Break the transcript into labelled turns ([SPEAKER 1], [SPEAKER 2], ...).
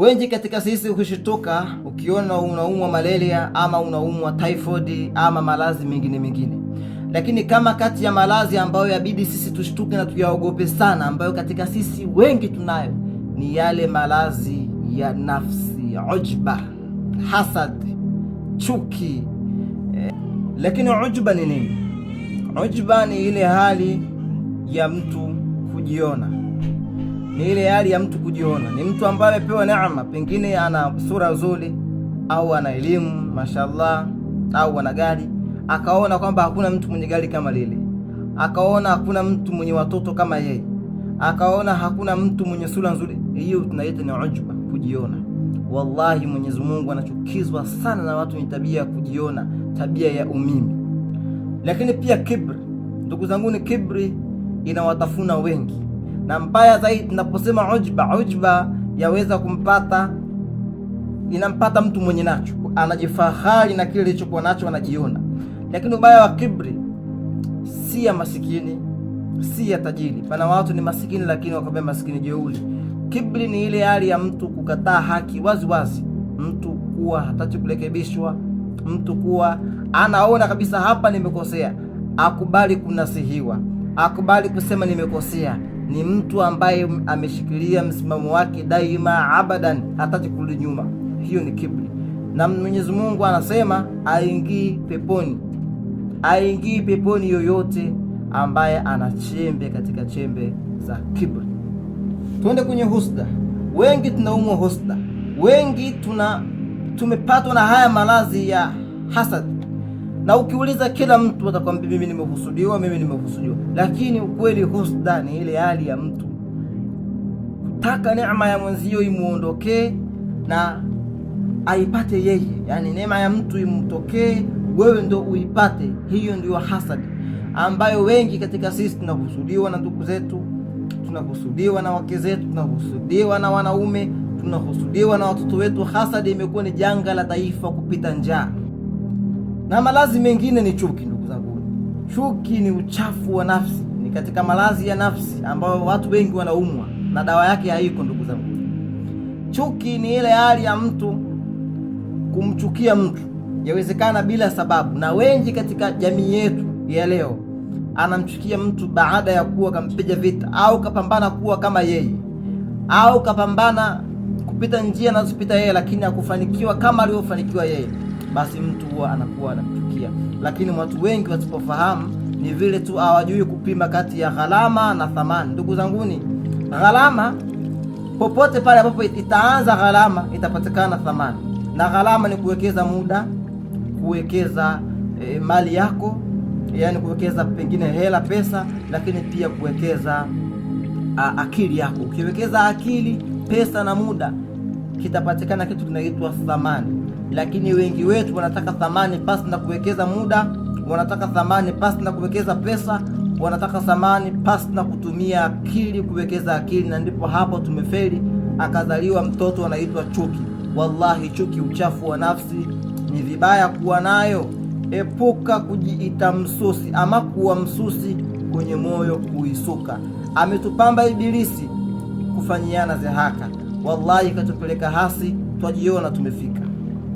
[SPEAKER 1] Wengi katika sisi ukishituka ukiona unaumwa malaria ama unaumwa typhoid ama maradhi mengine mengine, lakini kama kati ya maradhi ambayo yabidi sisi tushtuke na tuyaogope sana, ambayo katika sisi wengi tunayo ni yale maradhi ya nafsi, ujba, hasad, chuki eh. Lakini ujba ni nini? Ujba ni ile hali ya mtu kujiona ni ile hali ya mtu kujiona. Ni mtu ambaye amepewa neema, pengine ana sura nzuri au ana elimu mashallah, au ana gari, akaona kwamba hakuna mtu mwenye gari kama lile, akaona hakuna mtu mwenye watoto kama yeye, akaona hakuna mtu mwenye sura nzuri. Hiyo tunaita ni ujba, kujiona. Wallahi, Mwenyezi Mungu anachukizwa sana na watu wenye tabia ya kujiona, tabia ya umimi. Lakini pia kibri, ndugu zangu, ni kibri inawatafuna wengi na mbaya zaidi, naposema ujba, ujba yaweza kumpata inampata mtu mwenye nacho, anajifahari na kile alichokuwa nacho, anajiona. Lakini ubaya wa kibri si ya masikini, si ya tajiri. Pana watu ni masikini, lakini wakaambia masikini jeuli. Kibri ni ile hali ya mtu kukataa haki wazi wazi, mtu kuwa hataki kurekebishwa, mtu kuwa anaona kabisa hapa nimekosea, akubali kunasihiwa, akubali kusema nimekosea ni mtu ambaye ameshikilia msimamo wake daima abadan, hataki kurudi nyuma. Hiyo ni kibri, na Mwenyezi Mungu anasema aingii peponi, aingii peponi yoyote ambaye ana chembe katika chembe za kibri. Tuende kwenye husda. Wengi tunaumwa husda, wengi tuna tumepatwa na haya maradhi ya hasad na ukiuliza kila mtu atakwambia mimi nimekusudiwa, mimi nimekusudiwa. Lakini ukweli husda ni ile hali ya mtu kutaka neema ya mwenzio imuondokee na aipate yeye, yaani neema ya mtu imtokee wewe ndio uipate. Hiyo ndio hasadi ambayo wengi katika sisi tunakusudiwa na ndugu zetu, tunakusudiwa na wake zetu, tunakusudiwa na wanaume, tunakusudiwa na watoto wetu. Hasadi imekuwa ni janga la taifa kupita njaa na maradhi mengine ni chuki. Ndugu zangu, chuki ni uchafu wa nafsi, ni katika maradhi ya nafsi ambayo watu wengi wanaumwa na dawa yake haiko. Ndugu zangu, chuki ni ile hali ya mtu kumchukia mtu, yawezekana bila sababu, na wengi katika jamii yetu ya leo anamchukia mtu baada ya kuwa kampiga vita au kapambana kuwa kama yeye au kapambana kupita njia anazopita yeye, lakini hakufanikiwa kama alivyofanikiwa yeye basi mtu huwa anakuwa anamchukia. Lakini watu wengi wasipofahamu ni vile tu hawajui kupima kati ya gharama na thamani. Ndugu zanguni, gharama popote pale ambapo itaanza gharama itapatikana thamani, na gharama ni kuwekeza muda, kuwekeza e, mali yako, yani kuwekeza pengine hela, pesa, lakini pia kuwekeza a, akili yako. Ukiwekeza akili, pesa na muda, kitapatikana kitu kinaitwa thamani lakini wengi wetu wanataka thamani pasi na kuwekeza muda, wanataka thamani pasi na kuwekeza pesa, wanataka thamani pasi na kutumia akili, kuwekeza akili, na ndipo hapo tumefeli. Akazaliwa mtoto anaitwa chuki. Wallahi, chuki uchafu wa nafsi, ni vibaya kuwa nayo. Epuka kujiita msusi ama kuwa msusi, kwenye moyo kuisuka. Ametupamba Ibilisi kufanyiana zehaka. Wallahi, katupeleka hasi, twajiona tumefika.